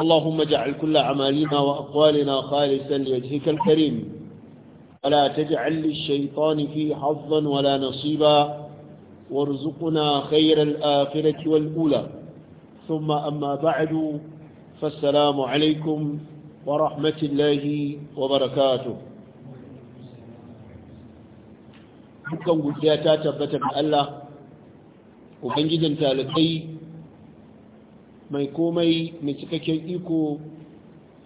اللهم اجعل كل أعمالنا وأقوالنا خالصا لوجهك الكريم ولا تجعل للشيطان فيه حظا ولا نصيبا وارزقنا خير الآخرة والأولى ثم أما بعد فالسلام عليكم ورحمة الله وبركاته dukkan gudiya ta tabbata ga mai komai mai cikakken iko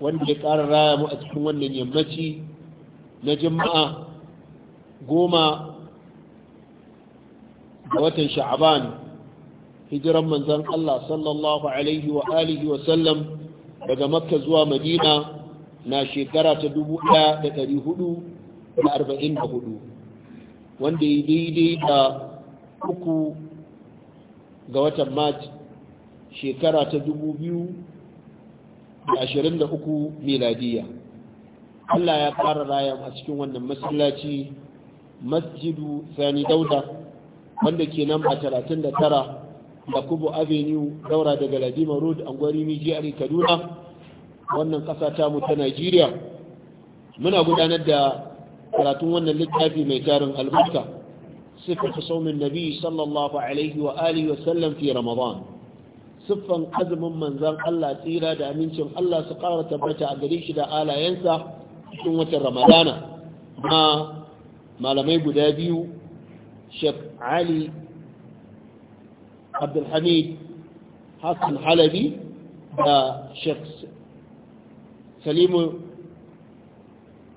wanda ya ƙara raya mu a cikin wannan yammaci na jama'a goma ga watan sha'aban hijiran manzan Allah sallallahu alaihi wa alihi wa sallam daga makka zuwa madina na shekara ta hudu, wanda ya daidai da uku ga watan mati shekara ta 2023 miladiya Allah ya ƙara raya a cikin wannan masallaci masjidu sani dauda wanda ke nan a 39 da kubo avenue daura daga ladima road an gwarimi kaduna wannan ƙasa mu ta nigeria muna gudanar da karatun wannan littafi mai tarin albarka sifatu saumin nabi sallallahu alaihi wa alihi sallam fi ramadan siffan azumin manzan Allah tsira da amincin Allah su ƙara tabbata a gare shi da alayensa cikin watan Ramadana ma malamai guda biyu Sheikh Ali Abdulhamid Hassan Halabi da Sheikh Salimu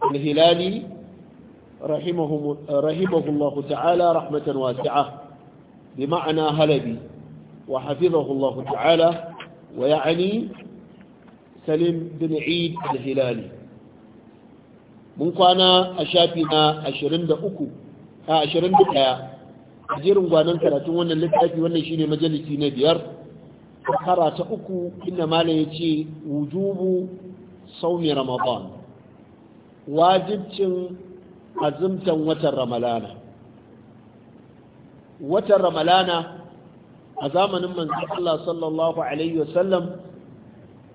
Al-Hilali rahimahullahu ta'ala rahmatan wasi'a bi ma'ana Halabi wa الله تعالى ويعني سليم بن عيد الهلالي mun kwana a shafi na 23 a 21 a jerin gwanon karatun wannan littafi wannan shine majalisi na biyar kara ta uku ina malam ya ce wujubu saumi ramadan wajibcin azumtan watan ramalana watan ramalana a zamanin manzo Allah sallallahu alaihi wasallam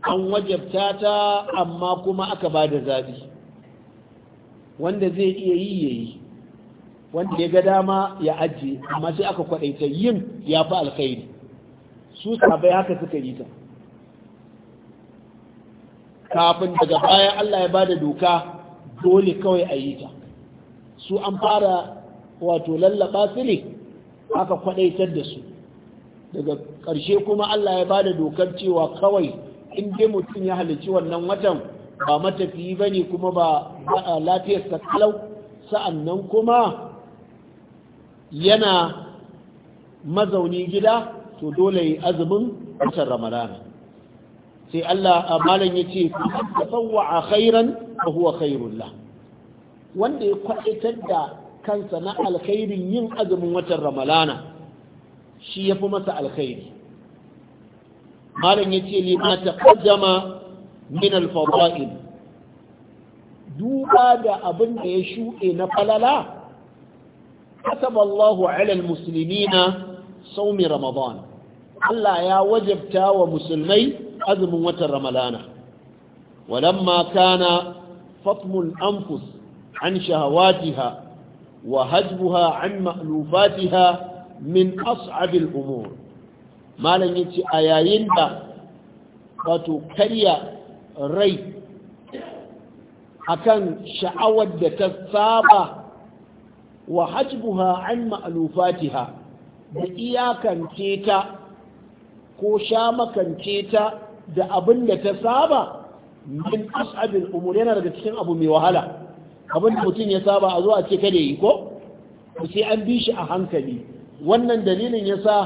an wajabta ta amma kuma aka ba da zaɓi wanda zai iya yi ya yi wanda ya ga dama ya ajiye amma sai aka kwaɗaita yin ya fi alkhairi su sabai haka suka yi ta kafin daga baya Allah ya bada doka dole kawai a yi ta su an fara wato lallaba su ne aka kwaɗaitar da su daga ƙarshe kuma Allah ya bada dokar cewa kawai in dai mutum ya halici wannan watan ba matafiyi bane kuma ba lafiyar sa kalau sa'annan kuma yana mazauni gida to dole yi azumin watan Ramadana sai Allah malam yace tasawwa khairan fa huwa khairul lah wanda ya kwaitar da kansa na alkhairin yin azumin watan Ramadana shi ya fi masa alkhairi malam ya ce lima ta kajama min alfawa'il duba da abin da ya shuɗe na falala kasaba Allahu alal musulmina saumi ramadan Allah ya wajabta wa musulmai azumin watan Ramadana. walamma kana fatmul anfus an shahawatiha wa hajbuha an ma'lufatiha min as'abil umur malam yace a yayin da wato karya rai akan sha'awar da ta saba wa hajbuha an ma'alufatiha da iyakance ta ko sha makance ta da abin da ta saba min as'abil umur yana daga cikin abu mai wahala abin da mutum ya saba a zo a ce kada yi ko sai an bi shi a hankali wannan dalilin ya sa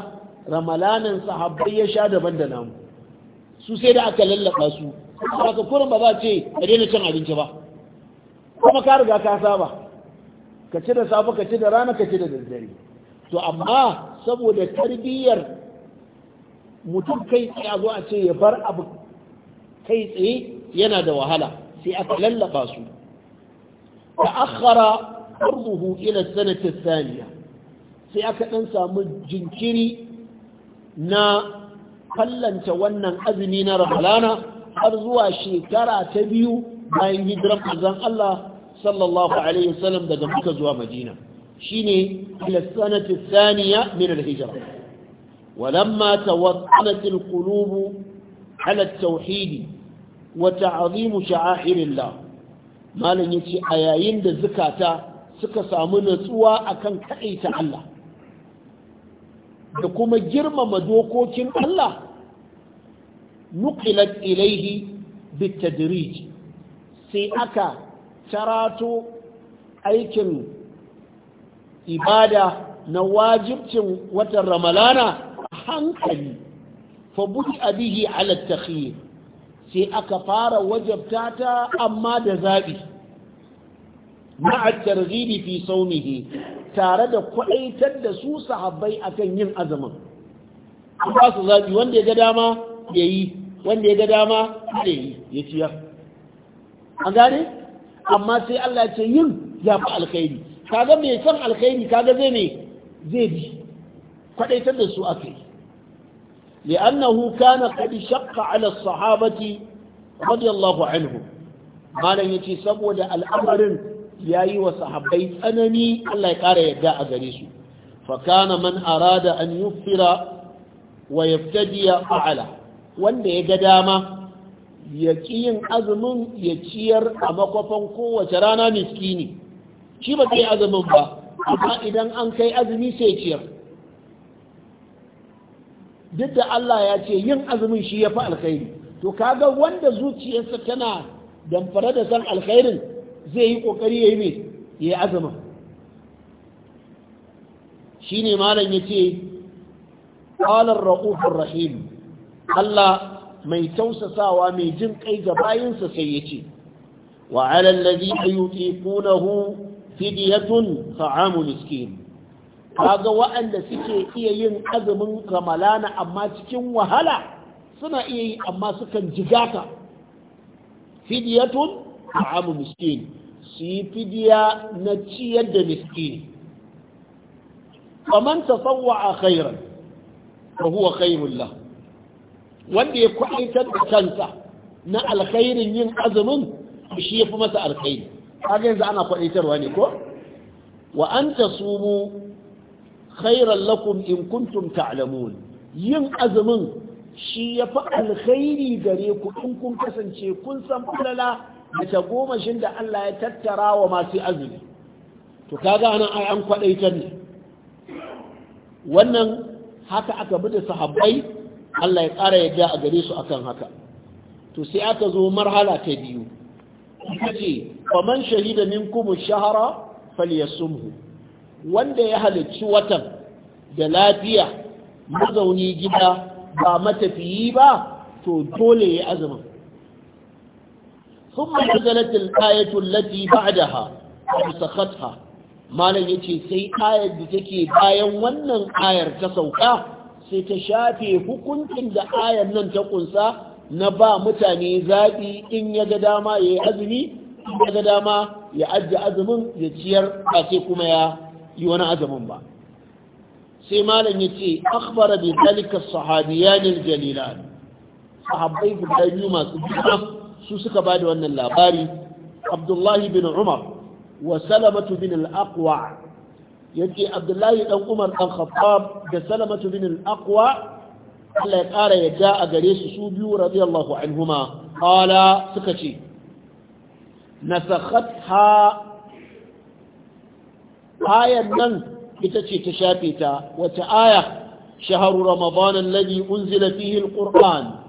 ramalanin sahabbai ya sha daban da namu su sai da aka lallaba su aka kurin ba za ce a daina cin abinci ba kuma ka riga ka saba ka ci da safe ka ci da rana ka ci da daddare to amma saboda tarbiyyar mutum kai tsaye a zo a ce ya bar abu kai tsaye yana da wahala sai aka lallaba su ta akhara arzuhu ila sanata Saniya. sai aka ɗan samu jinkiri na kallanta wannan azumi na ramalana har zuwa shekara ta biyu bayan hijiran manzon Allah sallallahu alaihi wasallam daga Makka zuwa Madina shine ila sanati thaniya min al-hijra ولما توطنت ala على التوحيد وتعظيم شعائر الله malam yace a yayin da zukata suka samu natsuwa akan kaita Allah da kuma girmama dokokin Allah nukilat ilaihi bitadrij sai aka tarato aikin ibada na wajibcin watan ramalana hankali fa abihi ala takhir sai aka fara wajabta amma da zabi ma'a targhibi fi tare da kwaɗaitar da su sahabbai akan yin azumin an ba su zaɓi wanda ya ga dama ya yi wanda ya ga dama ya yi ya ciyar an gane amma sai Allah ce yin ya fi alkhairi kaga mai san alkhairi kaga zai ne zai bi kwaɗaitar da su aka yi لأنه كان قد شق على الصحابة رضي الله عنهم ما لن saboda al'amarin. ya yi wa sahabbai tsanani Allah ya ƙara yadda a gare su fakana man arada an yufira wa yaftadiya fa'ala wanda ya ga dama ya ƙi yin azumin ya ciyar a makwafan kowace rana miskini shi ba kai azumin ba amma idan an kai azumi sai ciyar duk da Allah ya ce yin azumin shi ya fi alkhairi to kaga wanda zuciyarsa tana damfare da san alkhairin zai yi kokari ya yi mai ya yi azumin shi ne malam ya ce ƙalar rahim Allah mai tausasawa mai jin kai ga bayansa sai ya ce wa alallazi ayyutiqunahu fidyatun ta'amu miskin kaga waɗanda suke iya yin azumin ramalana amma cikin wahala suna iya yi amma sukan jigata fidiyatun ta'amu miskin su yi fidiya na ciyar da miskini faman tasawwa a khairan fa huwa khairul lahu wanda ya kwaitar da kansa na alkhairin yin azumin shi ya fi masa alkhairi kaga yanzu ana kwaitarwa ne ko wa an ta sumu, khairan lakum in kuntum ta'lamun yin azumin shi ya fi alkhairi gare ku in kun kasance kun san fulala goma tagomashin da Allah ya tattara wa masu azumi to kaga anan ai an kwadaitar ne wannan haka aka bi da sahabbai Allah ya ƙara ja a gare su akan haka to sai aka zo marhala ta biyu ita ce faman shahida minkum shahara falyasumhu wanda ya halicci watan da lafiya mazauni gida ba matafiyi ba to dole ya azumin ثم نزلت الآية التي بعدها فسختها malam yace sai ayar da take bayan wannan ayar ta sauka sai ta shafe hukuncin da ayar nan ta kunsa na ba mutane zaɓi in ya ga dama ya azumi in ya ga dama ya ajiye azumin ya ciyar ba sai kuma ya yi wani azumin ba sai malam ya ce akhbara bi zalika sahabiyan jalilan sahabbai guda biyu masu girma su suka ba da wannan labari abdullahi bin umar wa salamatu bin al-aqwa yake abdullahi dan umar dan khattab da salamatu bin al-aqwa Allah ya ƙara yadda a gare su su biyu radiyallahu anhuma qala suka ce nasakhatha ayan nan ita ce ta shafe ta wata aya shaharu ramadan alladhi unzila fihi alquran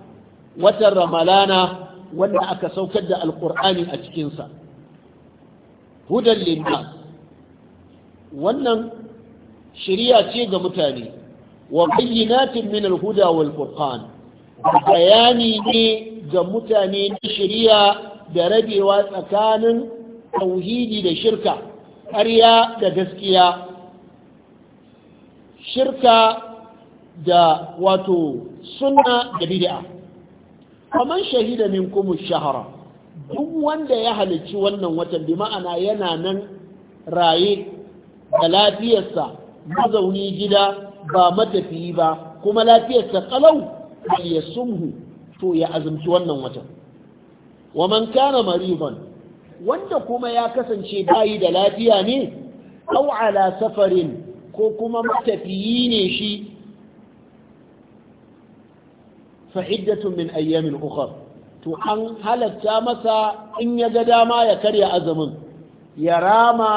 watan ramalana wanda aka saukar da alkur'ani a cikinsa Hudar linnas wannan shirya ce ga mutane wa bayyinatin min alhuda wal furqan bayani ne ga mutane na shirya da rabewa tsakanin tauhidi da shirka ƙarya da gaskiya shirka da wato sunna da bid'a faman shahida kuma shahara duk wanda ya halicci wannan watan bi ma'ana yana nan raye da lafiyarsa mazauni gida ba matafiyi ba kuma lafiyarsa kalau ya sumhu to ya azumci wannan watan wa man kana maridan wanda kuma ya kasance bayi da lafiya ne aw ala safarin ko kuma matafiyi ne shi fa'iddatun min ayyamin ukhar to an halatta masa in ya ga dama ya karya azumin ya rama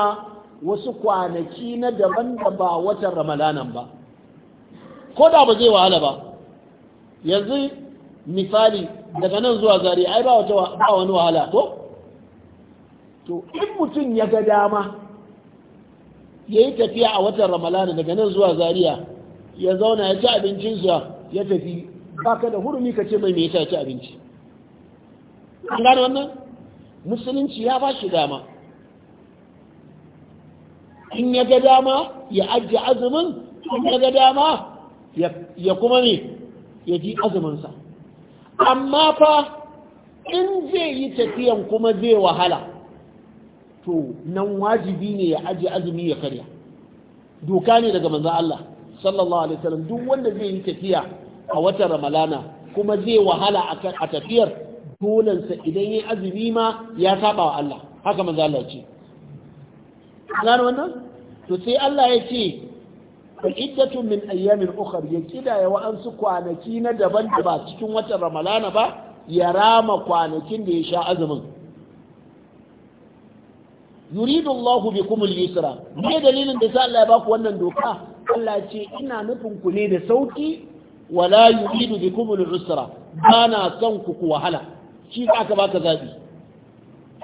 wasu kwanaki na daban da ba watan ramadanan ba ko da ba zai wahala ba yanzu misali daga nan zuwa zari ai ba wata wani wahala ko to in mutum ya ga dama ya yi tafiya a watan Ramadana daga nan zuwa zariya ya zauna ya ci abincinsa ya tafi baka da hurumi ka ce mai me yasa ci abinci an gane wannan musulunci ya ba shi dama in ya ga dama ya ajiye azumin in ya ga dama ya kuma ne ya ji azuminsa amma fa in zai yi tafiyan kuma zai wahala to nan wajibi ne ya ajiye azumi ya karya doka ne daga manzan Allah sallallahu alaihi wasallam duk wanda zai yi tafiya a watan ramalana kuma zai wahala a tafiyar dolansa idan yi azumi ma ya saba wa Allah haka manzo Allah ce gano wannan to sai Allah ya ce fa iddatu min ayyamin ukar ya kidaya wa ansu kwanaki na daban da ba cikin watan ramalana ba ya rama kwanakin da ya sha azumin yuridu Allah bikum al-yusra me dalilin da sa Allah ya baku wannan doka Allah ce ina nufin ku ne da sauki wala yuridu bikum al-usra bana son ku ku wahala shi aka baka zabi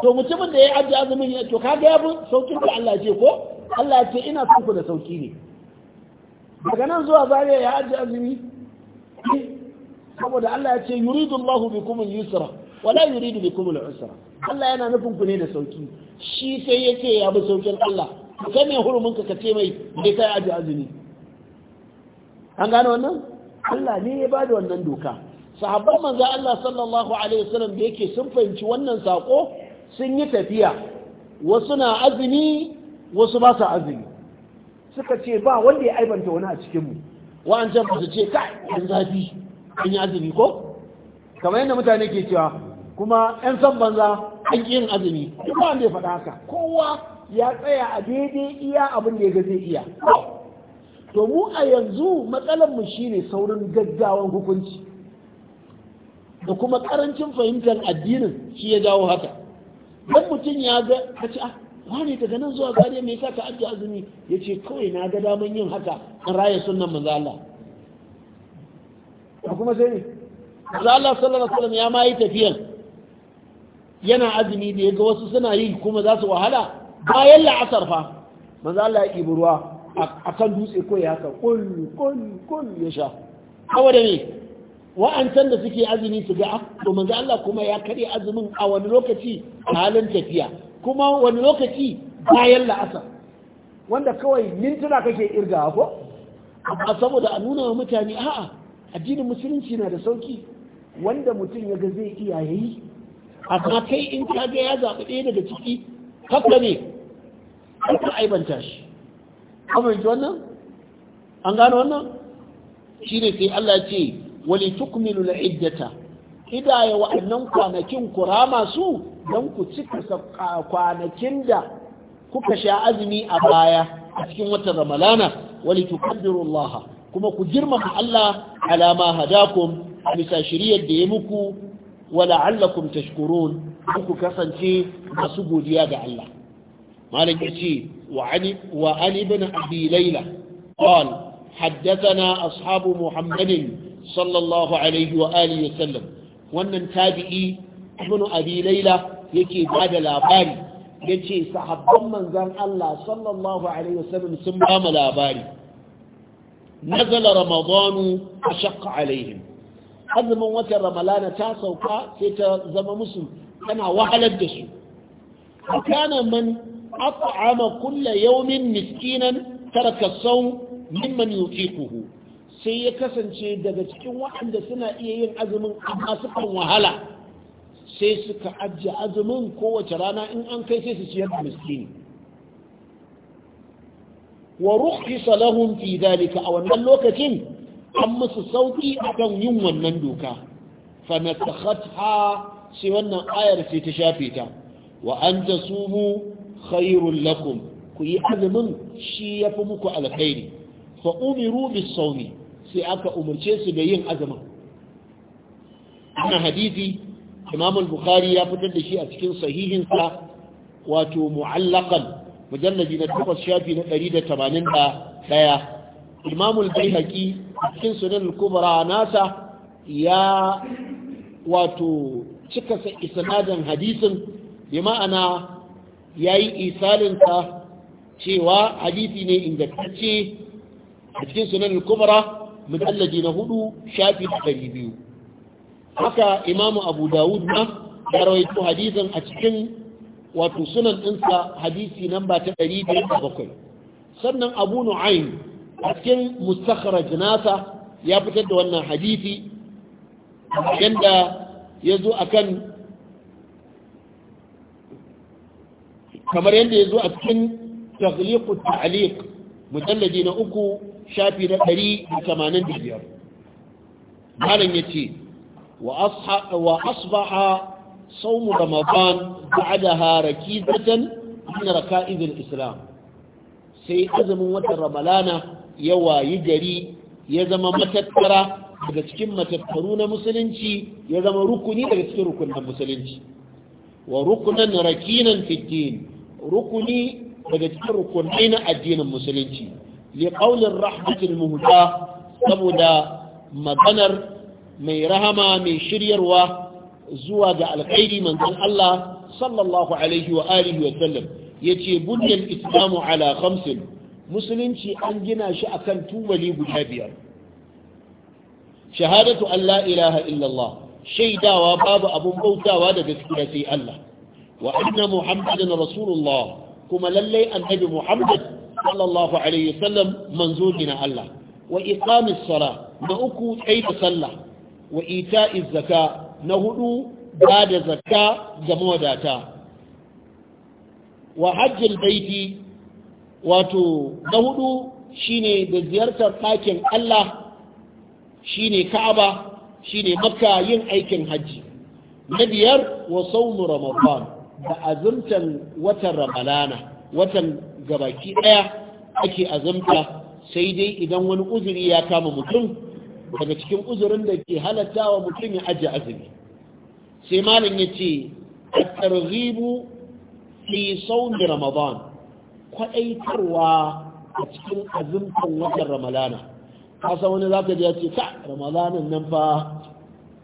to mutumin da ya ajiye azumin ya to kaga yafi saukin da Allah ce ko Allah ya ce ina son ku da sauki ne daga nan zuwa zariya ya ajiye azumi eh. saboda Allah ya ce yuridu Allahu bikum al-yusra wala yuridu bikum al-usra Allah yana nufin ku ne da sauki shi sai yake ya bi saukin Allah kai ne hurumin ka kace mai dai kai ajiye azumi an gane wannan Allah ne ya bada wannan doka sahabban manzo Allah sallallahu alaihi wasallam da yake sun fahimci wannan sako sun yi tafiya wasu na azumi wasu ba su azumi suka ce ba wanda ya aibanta wani a cikin mu an ba su ce kai an zafi an yi azumi ko kamar yadda mutane ke cewa kuma yan san banza an yin azumi duk wanda ya faɗa haka kowa ya tsaya a daidai iya abin da ya ga zai iya to mu a yanzu mu shine saurin gaggawan hukunci da kuma karancin fahimtar addinin shi ya jawo haka dan mutum ya ga kace ah wani daga nan zuwa gari me yasa ka ajiye azumi yace kawai na ga daman yin haka an raya sunnan manzo Allah kuma sai ne manzo Allah sallallahu alaihi ya ma tafiyan yana azumi da yaga wasu suna yi kuma za su wahala bayan la'asar fa manzo Allah ya ibi ruwa a kan dutse ko ya haka kullu kullu kullu ya sha hawa da ne wa'ancan da suke azumi su ga ah, to manzo Allah kuma ya kare azumin a wani lokaci halin tafiya kuma wani lokaci bayan la'asa. wanda kawai mintuna kake irga ko amma saboda a nuna wa mutane a'a addinin musulunci na da sauki wanda mutum ya ga zai iya yayi a kai in ka ga ya zaɓi ɗaya daga ciki haka ne ka aibanta shi amince wannan an gano wannan shi ne sai Allah ce wali tukmilu na iddata idaya wa'annan kwanakin ku rama su don ku cika kwanakin da kuka sha azumi a baya a cikin watan ramalana wali tukabbirullaha kuma ku girmama Allah alama hadakum a bisa shiryar da ya muku wala'allakum tashkurun ku kasance masu godiya ga Allah malam yace وعن, وعن ابن أبي ليلى قال حدثنا أصحاب محمد صلى الله عليه وآله وسلم وأن تابعي ابن أبي ليلى يكي بعد الأباري يكي صحبا من ذن الله صلى الله عليه وسلم سمام الأباري نزل رمضان أشق عليهم azumin watan ramalana ta sauka sai ta zama musu tana wahalar da su kana man at'ama kulla yawmin miskinan taraka sawm mimman yutiquhu sai ya kasance daga cikin waɗanda suna iya yin azumin amma sukan wahala sai suka ajiye azumin kowace rana in an kai sai su ciyar da miskini wa rukhisa Salahun fi dalika a wannan lokacin an musu sauki akan yin wannan doka fa nasakhatha sai wannan ayar sai ta shafe ta wa an tasumu khairul lakum ku yi azumin shi ya fi muku alkhairi fa umiru bis sawmi sai aka umarce su da yin azumin wannan hadisi Imam al-Bukhari ya fitar da shi a cikin sahihin sa wato mu'allaqan mujalladi na 8 shafi na 181 Imam al-Baihaqi cikin Sunan al-Kubra nasa ya wato cika sa isnadin hadisin bi ma'ana ya yi isalinsa cewa hadisi ne ingantacce a cikin sunan kubra mutallaji na hudu shafi ɗari biyu haka imamu abu dawud ma ya rawaito hadisin a cikin wato sunan ɗinsa hadisi namba ta ɗari da bakwai sannan abu nu'ayn a cikin mustakharaj nasa ya fitar da wannan hadisi yadda ya zo akan kamar yadda ya zo a cikin tagliqu ta'liq mujalladi na uku shafi na 185 malam ce, wa asha wa asbaha صوم رمضان بعدها ركيزة من ركائز Islam. sai azumin watan ramalana ya wayi gari ya zama matattara daga cikin matattaru na musulunci ya zama rukuni daga cikin rukunin musulunci wa rukunan rakinan fiddin rukuni daga cikin rukunai na addinin musulunci li qaulin rahmatul muhda saboda maganar mai rahama mai shiryarwa zuwa ga alkhairi manzon Allah sallallahu alaihi wa alihi wa sallam yace bunyal islamu ala khamsin musulunci an gina shi akan tubali guda biyar shahadatu an la ilaha illallah shaidawa babu abun bautawa da gaskiya sai Allah wa anna muhammadan rasulullah kuma lallai annabi muhammad sallallahu alaihi wasallam manzo ne Allah wa iqamis sala na uku tsaida sallah wa ita'iz zaka na hudu ba da zakka ga mawadata wa hajjil baiti wato na hudu shine da ziyartar ɗakin Allah shine Ka'aba shine Makka yin aikin hajji. na biyar wa sawmu Ramadan da azumtan watan ramalana watan gabaki daya ake azumta sai dai idan wani uzuri ya kama mutum daga cikin uzurin da ke halatta wa mutum ya ajiye azumi sai malam ya ce tarzibu fi sawmi ramadan kwadaitarwa a cikin azumtan watan ramalana kasa wani zaka ji ya ce ta ramadanin nan fa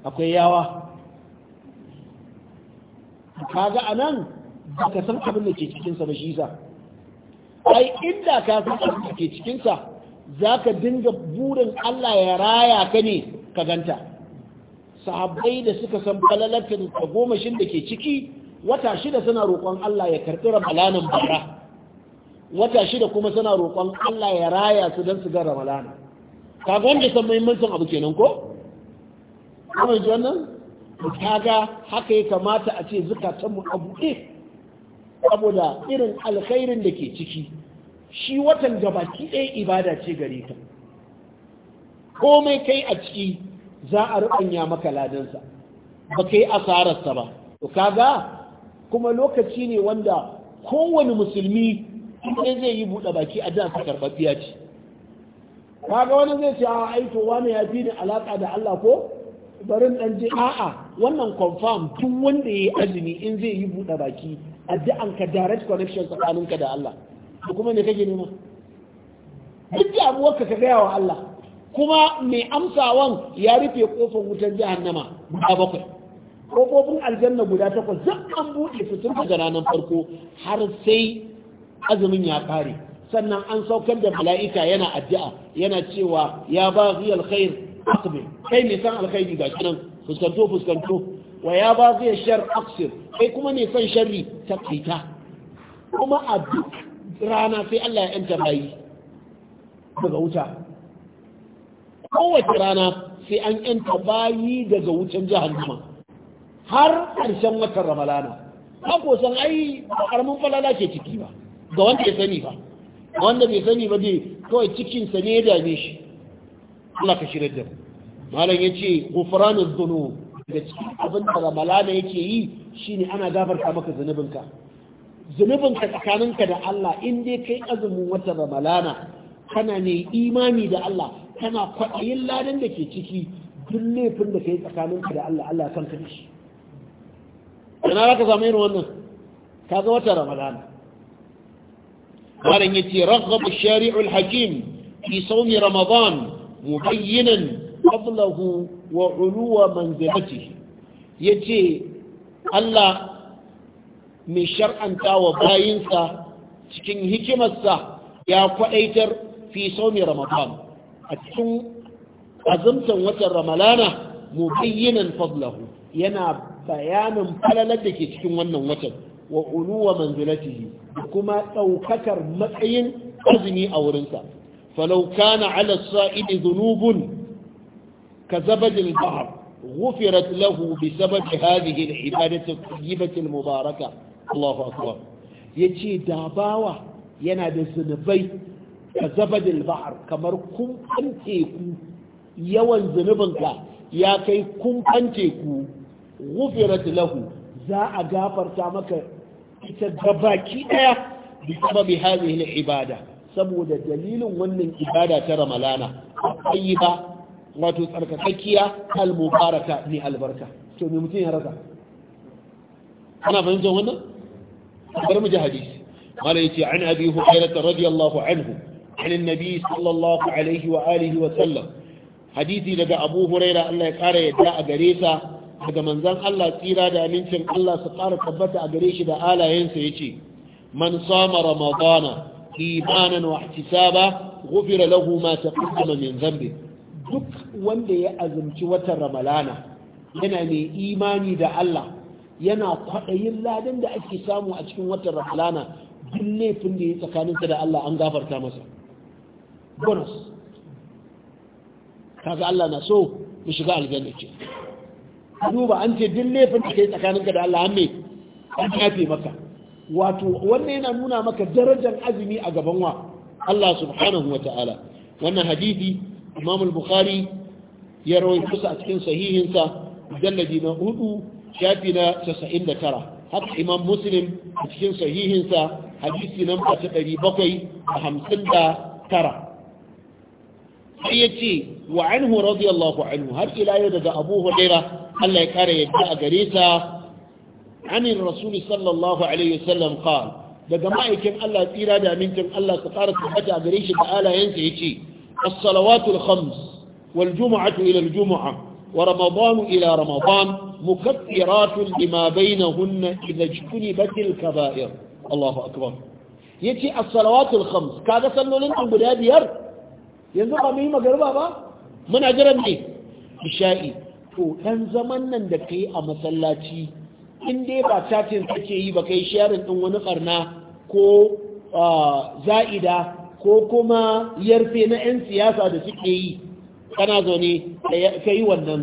akwai yawa kaga anan ba ka san abin da ke cikinsa ba shi sa ai inda ka san abin da ke cikinsa za ka dinga burin Allah ya raya ka ne ka ganta sahabbai da suka san ka goma shi da ke ciki wata shida suna roƙon Allah ya karɓi ramalanin bara wata shida kuma suna roƙon Allah ya raya su don su ga ramalana kaga wanda san muhimmancin abu kenan ko? Kuma ji wannan? kaga haka ya kamata a ce mu a buɗe saboda irin alkhairin da ke ciki shi watan gabaki ɗaya ibada ce gare ka komai kai a ciki za a ruɓanya maka ladansa ba kai asararsa ba to kaga kuma lokaci ne wanda kowane musulmi ɗaya zai yi buɗe baki a jinsa karɓaɓɓiya ce kaga wani zai ce a aito wani ya fi ni alaƙa da Allah ko barin dan je a'a wannan confirm tun wanda yayi azumi in zai yi buɗe baki addu'an ka direct connection tsakaninka da Allah to kuma ne kake nema duk abuwar ka ka gaya wa Allah kuma mai amsawan ya rufe kofar wutar jahannama guda bakwai kofofin aljanna guda takwas zan an buɗe su tun daga ranar farko har sai azumin ya kare sannan an saukar da mala'ika yana addu'a yana cewa ya ba ghiyal khair aqbil kai mai san alkhairi ga kinan fuskanto fuskanto wa ya ba zai shar aqsir kai kuma mai san sharri takaita kuma a duk rana sai Allah ya yanta bayi daga wuta kowace rana sai an yanta bayi daga wutan jahannama har ƙarshen watan ramalana ko san ai karamin falala ke ciki ba ga wanda ya sani ba wanda bai sani ba dai kawai cikinsa ne ya dame shi Allah ka shirar da mu malam yace ghufranuz dhunub da cikin abin da ramalana yake yi shine ana gafarta maka zunubinka zunubinka tsakaninka da Allah in dai kai azumin wata ramalana kana ne imani da Allah kana kwaɗayin ladan da ke ciki duk laifin da kai tsakaninka da Allah Allah ka da shi ina zaka samu irin wannan kaga wata ramalana malam yace raghab shari'ul hakim fi sawmi ramadan mubayyinan fadlahu wa uluwa manzilatihi yace Allah mai shar'anta wa bayinsa cikin hikimarsa ya kwadaitar fi saumi ramadan a cikin azumtan watan ramalana mubayyinan fadlahu yana bayanin falalar da ke cikin wannan watan wa uluwa manzilatihi kuma daukakar matsayin azumi a wurinsa falau kana ala sa'idi dhunubun ka zabadil bahr غفرت له بسبب هذه العبادة الطيبة المباركة الله أكبر يجي داباوة ينادى الزنبي كزبد البحر كمر كم أنتيكو يوان زنبنك يا كي كم أنتيكو غفرت له زا أغافر تامك تتباكي بسبب هذه العبادة saboda dalilin wannan ibada ta ramalana tayyiba wato tsarkakakkiya al-mubaraka ni albarka to me mutum ya rasa ana fahimtar wannan bari mu ji hadisi mala yace an abi hurairah radiyallahu anhu عن sallallahu alaihi wa عليه wa sallam. hadisi daga abu huraira Allah ya kara yadda a gare sa daga manzan Allah tsira da amincin Allah su kara tabbata a gare shi da alayensa ya ce man sama ramadana imanan wa ihtisaba ghufira lahu ma taqaddama min dhanbi duk wanda ya azumci watan ramalana yana mai imani da Allah yana kwaɗayin ladan da ake samu a cikin watan ramalana duk laifin da ya tsakaninsa da Allah an gafarta masa bonus kaga Allah na so mu shiga aljanna ce duba an ce duk laifin da kai tsakaninka da Allah an me an yafe maka wato wannan yana nuna maka darajar azumi a gaban wa Allah subhanahu wa ta'ala wannan hadisi Imam al-Bukhari ya rawaito a cikin sahihinsa jalladi na hudu shafi na tara haka Imam Muslim a cikin sahihinsa hadisi hamsin da tara sai ya ce wa anhu radiyallahu anhu har ila yau daga Abu Hurairah Allah ya kara yadda a gare sa anin rasuli sallallahu alaihi wasallam qal daga ma'aikin Allah tsira da amincin Allah su fara tabbata a gare shi da alayensa yace as-salawatu al-khams wal jumu'atu ila al-jumu'ah wa ramadanu ila ramadan mukaffiratun lima bainahunna idha ijtanibat al-kaba'ir Allahu akbar yace as-salawatu al-khams kaga sallolin guda biyar yanzu ba mu yi magarba ba muna jiran ne isha'i dan zaman nan da kai a masallaci in dai ba chatin kake yi ba kai sharing din wani karna ko za'ida ko kuma yarfe na 'yan siyasa da suke yi kana zaune ka yi wannan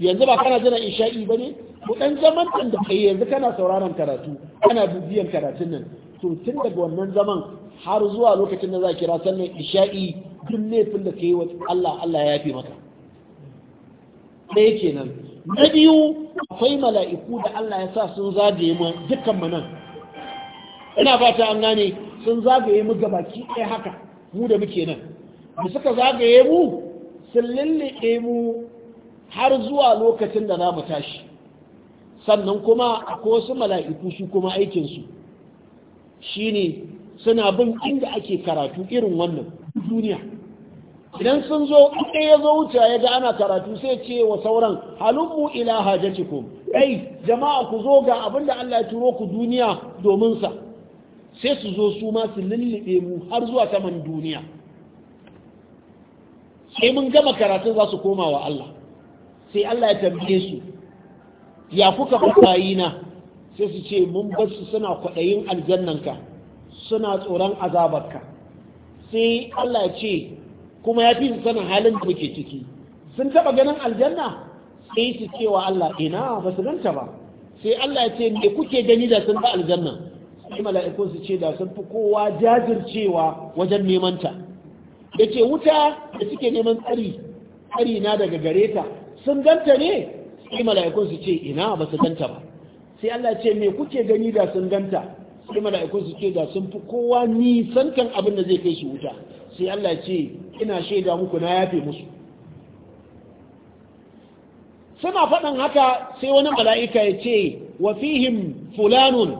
yanzu ba kana jira isha'i ba ne dan zaman ɗin da kai yanzu kana sauraron karatu kana bibiyan karatun nan to tun daga wannan zaman har zuwa lokacin da za kira sannan isha'i duk laifin da ka yi wa Allah Allah ya yafe maka ɗaya kenan na biyu akwai mala'iku da Allah ya sa sun zagaye mu dukkan mu nan ina fata an gane sun zagaye mu baki ɗaya haka mu da muke nan da suka zagaye mu sun lullube mu har zuwa lokacin da za mu tashi sannan kuma akwai wasu mala'iku su kuma aikinsu Shi ne suna bin inda ake karatu irin wannan duniya idan sun zo ɗaya ya zo wuce ya ga ana karatu sai ce wa sauran halummu ila hajatikum ai jama'a ku zo ga abin da Allah ya turo ku duniya domin sa sai su zo su ma su lullube mu har zuwa saman duniya sai mun gama karatun za su koma wa Allah sai Allah ya tambaye su ya kuka fasayi sai su ce mun bar su suna kwaɗayin aljannanka suna tsoron azabarka sai Allah ya ce kuma ya fi sanin halin da muke ciki sun taba ganin aljanna sai su wa Allah ina ba su ganta ba sai Allah ya ce me kuke gani da sun ba aljanna sai mala'ikun su ce da sun fi kowa jajircewa wajen neman ta yace wuta da suke neman tsari tsari na daga gare ta sun ganta ne sai mala'ikun su ce ina ba su ganta ba sai Allah ya ce me kuke gani da sun ganta sai mala'ikun su ce da sun fi kowa kan abin da zai kai shi wuta sai Allah ya ce ina shaida muku na yafe musu suna faɗin haka sai wani mala'ika ya ce wa fihim fulanun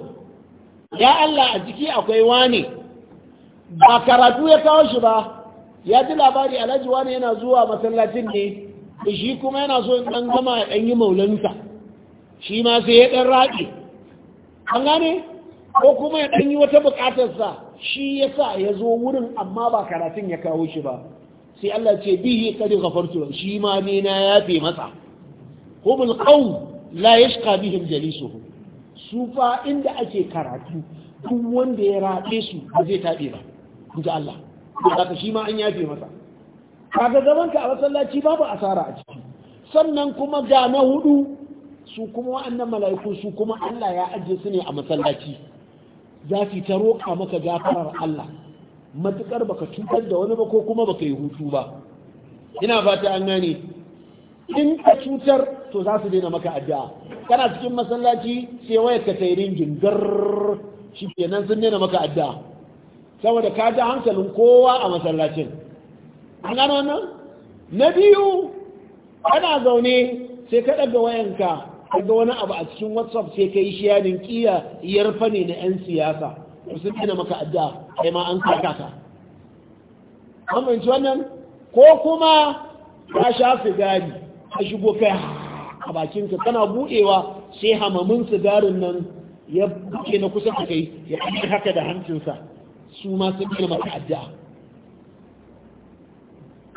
ya Allah a jiki akwai wane ba karatu ya kawo shi ba ya ji labari alhaji wani yana zuwa masallacin ne shi kuma yana so ɗan gama ɗan yi maulansa shi ma sai ya ɗan raɗe an gane ko kuma ya ɗan yi wata buƙatarsa shi ya sa ya zo wurin amma ba karatun ya kawo shi ba sai Allah ce bihi kadi ghafartu shi ma ne na yafe masa humul qawm la yashqa bihim jalisuhu su fa inda ake karatu duk wanda ya rabe su ba zai tabe ba inda Allah haka shi ma an yafe masa kaga zaman ka a masallaci babu asara a ciki sannan kuma ga na hudu su kuma wa'annan mala'iku su kuma Allah ya ajiye su ne a masallaci za su ta roƙa maka gafarar Allah matukar baka cutar da wani ba ko kuma baka yi hutu ba ina fata an gane in ka cutar to za su daina maka addu'a kana cikin masallaci sai waya ka tayi rinjin gar shi kenan sun daina maka addu'a saboda ka ji hankalin kowa a masallacin an gano wannan na biyu Kana zaune sai ka ɗaga wayanka kaga wani abu a cikin whatsapp sai ka yi shiyarin kiya yarfa ne na 'yan siyasa sun gina maka addu'a kai ma an kaka ka amince wannan ko kuma ka sha gari ka shigo kai a bakinka kana buɗewa sai hamamin sigarin nan ya buke na kusa da kai ya kai haka da hancinsa su ma sun gina maka addu'a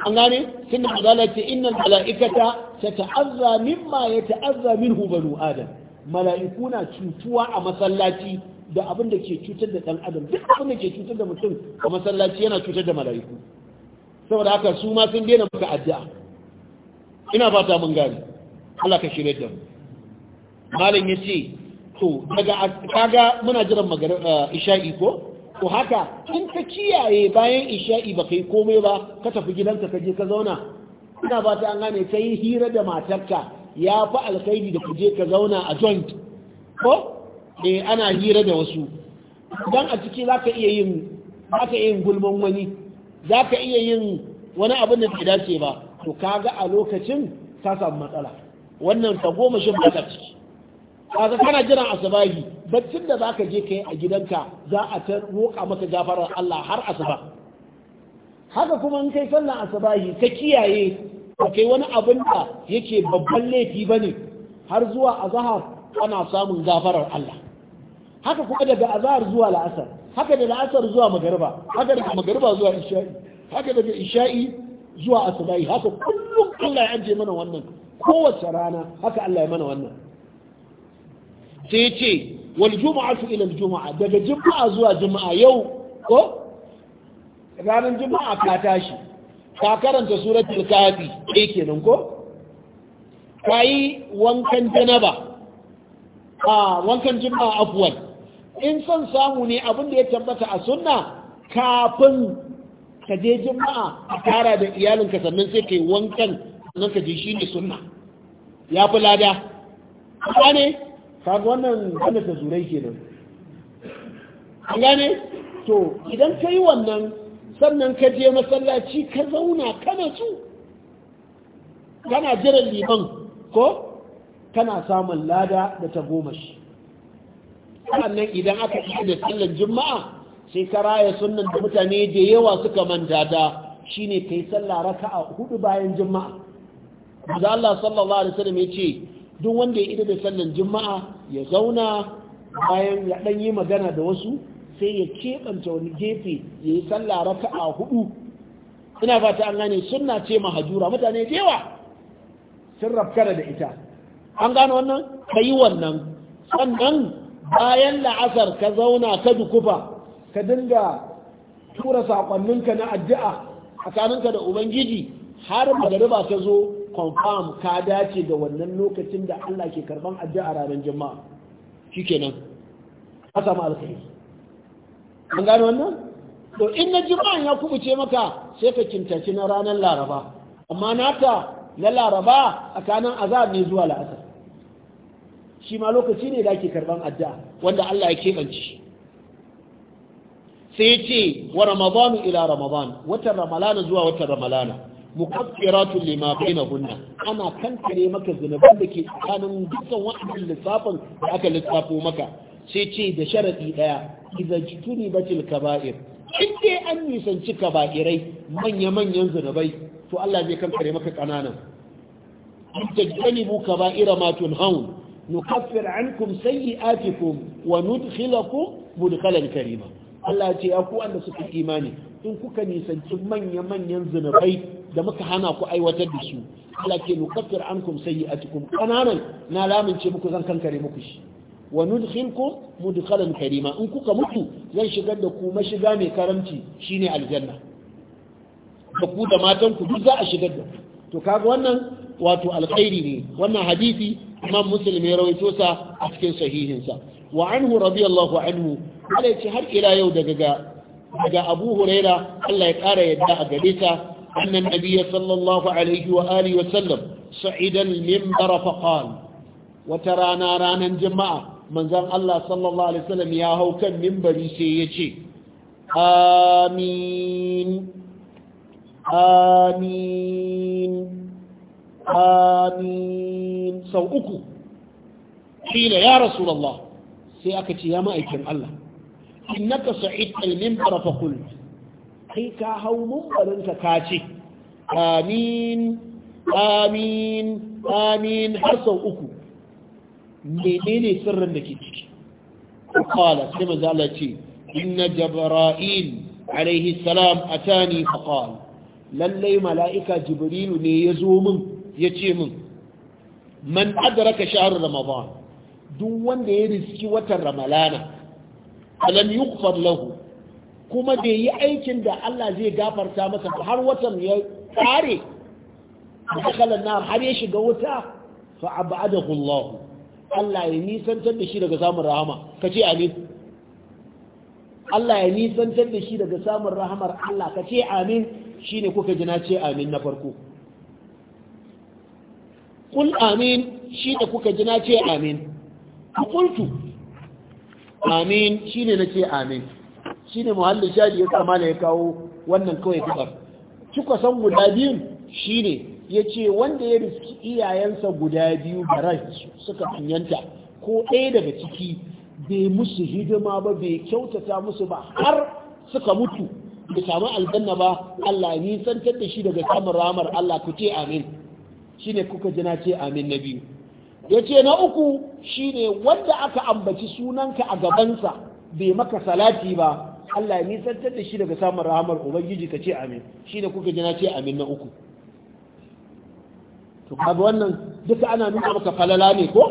an gane sun da ce innal mala'ikata tata'azza mimma yata'azza minhu banu adam mala'iku na cutuwa a masallaci da abin da ke cutar da dan adam duk abin da ke cutar da mutum a masallaci yana cutar da mala'iku saboda haka su ma sun daina maka addu'a ina fata mun gani Allah ka shirye da mu malam yace to daga kaga muna jiran magana isha'i ko to haka in ka kiyaye bayan isha'i ba kai komai ba ka tafi gidanka ka je ka zauna ina ba ta an gane ka yi hira da matarka ya fi alkhairi da kuje ka zauna a joint ko eh ana hira da wasu dan a ciki za ka iya yin za yin gulman wani za ka iya yin wani abin da ke dace ba to kaga a lokacin ka samu matsala wannan ka goma shin ba ciki kaga kana jiran asabahi baccin da zaka je kai a gidanka za a ta roƙa maka gafarar Allah har asaba haka kuma in kai sallan asabahi ka kiyaye ba kai wani abin da yake babban laifi bane har zuwa azhar ana samun gafarar Allah haka kuma daga azhar zuwa la'asar haka da la'asar zuwa magariba haka daga magariba zuwa isha'i haka daga isha'i zuwa asabahi haka kullum Allah ya ajiye mana wannan kowace rana haka Allah ya mana wannan sai ce wal jumu'atu ila al jumu'a daga juma'a zuwa juma'a yau ko ranar juma'a ka tashi ka karanta suratul kafi ke kenan ko yi wankan janaba a wankan juma'a afuwan in son samu ne abin da ya tabbata a sunna kafin ka je juma'a a tara da iyalinka sannan sai ka yi wankan nan ka je ne sunna ya fi lada ka ne kaga wannan wanda ta zurai kenan an gane to idan ka yi wannan sannan ka je masallaci ka zauna kana su kana jiran liman ko kana samun lada da ta goma shi sannan idan aka yi da sallar juma'a sai ka raya sunan da mutane da yawa suka manta da shine kai sallah raka'a hudu bayan juma'a da Allah sallallahu alaihi wasallam ya ce duk wanda ya ida da sallar juma'a ya zauna bayan ya dan yi magana da wasu sai ya keɓanta wani gefe ya yi sallah a hudu ina fata an gane suna ce mahajura mutane da yawa sun rafkara da ita an gano wannan ka yi wannan sannan bayan la'asar ka zauna ka dukufa ka dinga tura saƙonninka na addu'a tsakaninka da ubangiji har magariba ta zo confirm ka dace da wannan lokacin da Allah ke karban addu'a ranar jama'a shikenan ka samu alkhairi an gano wannan to in na jima'an ya kubuce maka sai ka kintaci na ranar laraba amma nata na laraba tsakanin azab ne zuwa la'asar shi ma lokaci ne da ake karban adda'a, wanda Allah ya keɓance shi sai ce wa ramadan ila ramadan watan ramalana zuwa watan ramalana muqaddiratun lima gunna ana kankare maka zunuban da ke tsakanin dukkan wa'annan lissafin da aka lissafo maka sai ce da sharadi daya idza jituni batil kaba'ir in dai an nisanci kaba'irai manya-manyan zunubai to Allah zai kankare maka kananan in bu kaba'ira ma haun nukaffir ankum sayyi'atikum wa nudkhilakum mudkhalan karima Allah ce ya ku wanda suka imani in kuka nisanci manya-manyan zunubai da muka hana ku aiwatar da su Allah ke nukaffir ankum sayyi'atikum kananan na lamince muku zan kankare muku shi wa mudu mudkhalan karima in kuka mutu zan shigar da ku mashiga mai karamci shine aljanna da ku da matan ku duk za a shigar da to kaga wannan wato alkhairi ne wannan hadisi imam muslim ya rawaito sa a cikin sahihin sa wa anhu radiyallahu anhu Allah ce har ila yau daga daga Abu Huraira Allah ya kara yadda a gare ta annan nabiyyi sallallahu alaihi wa alihi wa sallam sa'idan min fa qala wata rana ranan jama'a manzon Allah sallallahu alaihi wasallam ya hau kan mimbari sai ya ce amin amin amin sau uku kila ya rasulallah sai aka ce ya ma'aikin Allah in sa'id al-minbar fa qul kai ka hau mimbarin ka kace amin amin amin har sau uku menene sirrin da ke ciki qala sai manzo Allah ce inna jibril alaihi salam atani fa qala Lallai malaika jibrilu ne ya zo min ya ce min man adraka shahr ramadan duk wanda ya riski watan ramalana alam yughfar lahu kuma da yi aikin da Allah zai gafarta masa har watan ya kare da kalan har ya shiga wuta fa abadahu Allah Allah ya nisantar da shi daga samun rahama ka ce amin Allah ya nisantar da shi daga samun rahamar Allah ka ce amin shi ne kuka jina ce amin na farko Kul amin shi ne kuka jina ce amin a kultu amin shi ne na ce amin shi ne muhallin shaji ya kama ya kawo wannan kawai kubar cikasan guda biyun shi ne ya ce wanda ya riski iyayensa guda biyu barai suka tunyanta ko ɗaya daga ciki bai musu hidima ba bai kyautata musu ba har suka mutu da samu aljanna ba Allah ni santar da shi daga samun ramar Allah ku ce amin shi ne kuka jina ce amin na biyu ya ce na uku shi ne wanda aka ambaci sunanka a gabansa bai maka salati ba Allah ni santar da shi daga samun rahamar ubangiji ka ce amin shi ne kuka jina ce amin na uku to kaga wannan duka ana nuna maka falala ne ko